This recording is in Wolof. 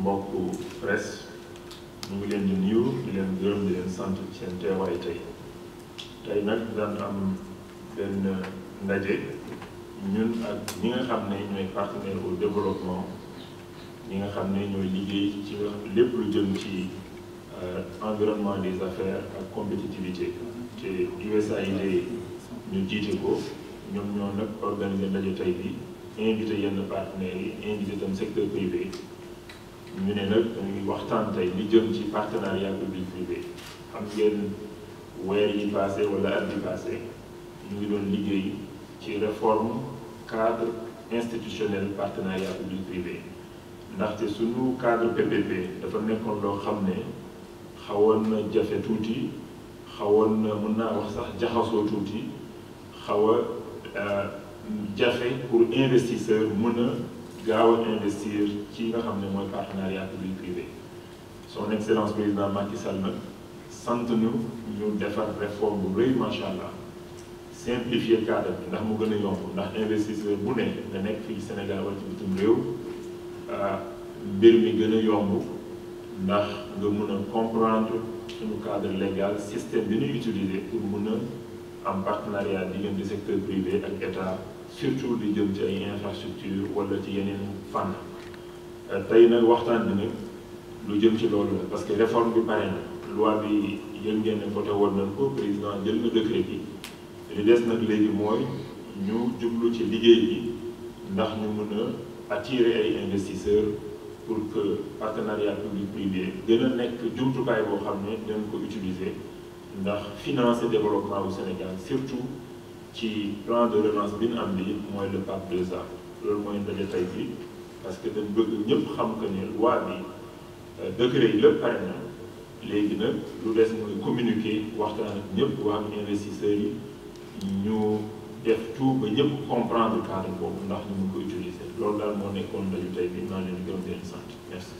mbokku presse ñu ngi leen di nuyu di leen gërëm di leen sant seen teewaay tey tey nag daan am benn ndaje ñun ak ñi nga xam ne ñooy partenaire au développement ñi nga xam ne ñooy liggéey ci lépp lu jël ci euh, environnement des affaires ak compétitivité te USAID ñu jiite ko ñoom ñoo nag organiser ndaje tey bi invité yenn partenaires yi invité tam secteur privé ñu ne nag ngi waxtaan tey li jëm ci partenariat bi privé xam ngeen weer yi passé wala at yi passé ñu ngi doon liggéey ci réforme cadre institutionnel partenariat public privé ndaxte suñu cadre PPP dafa nekkoon loo xam ne xawoon na jafe tuuti xawoon na mën naa wax sax jaxasoo tuuti xaw a euh, jafe pour investisseur mun a gaaw a investir ci nga xam ne mooy partenariat public privé son excellence président Macky Sall nag sant ñu ñu defar réforme bu rëy macha allah simplifier cadre bi ndax mu gën a yomb ndax investisseur bu ne nga nekk fii Sénégal wala ci bitim réew ah, mbir mi gën a yomb ndax nga mun a comprendre suñu cadre légal système bi ñuy utiliser pour mun a am partenariat diggante secteur privé ak état. surtout li jëm ci ay infrastructure wala ci yeneen fànn euh, tey nag waxtaan bi nag lu jëm ci loolu la parce que réforme bi pare na loi bi jël ngeen ne voté woon nañ ko président jël nga décret gi li des nag léegi mooy ñu jublu ci liggéey bi ndax ñu mën a attirer ay investisseurs pour que partenariat public privé gën a nekk jumtukaay boo xam ne dinañ ko utiliser ndax financer développement bu Sénégal surtout ci plan de relance bi ñu am nii mooy le PAP 2A loolu mooy ndaje tey bi parce que da bëgg ñëpp xam que ni loi bi euh, décret yi lépp pare na léegi nag lu des mooy communiquer waxtaan ak ñëpp wax investisseurs yi ñu def tout ba ñëpp comprendre cadre boobu ndax ñu ngi ko utiliser loolu daal moo nekkoon ndaje tey bi maa leen gërëm di leen merci.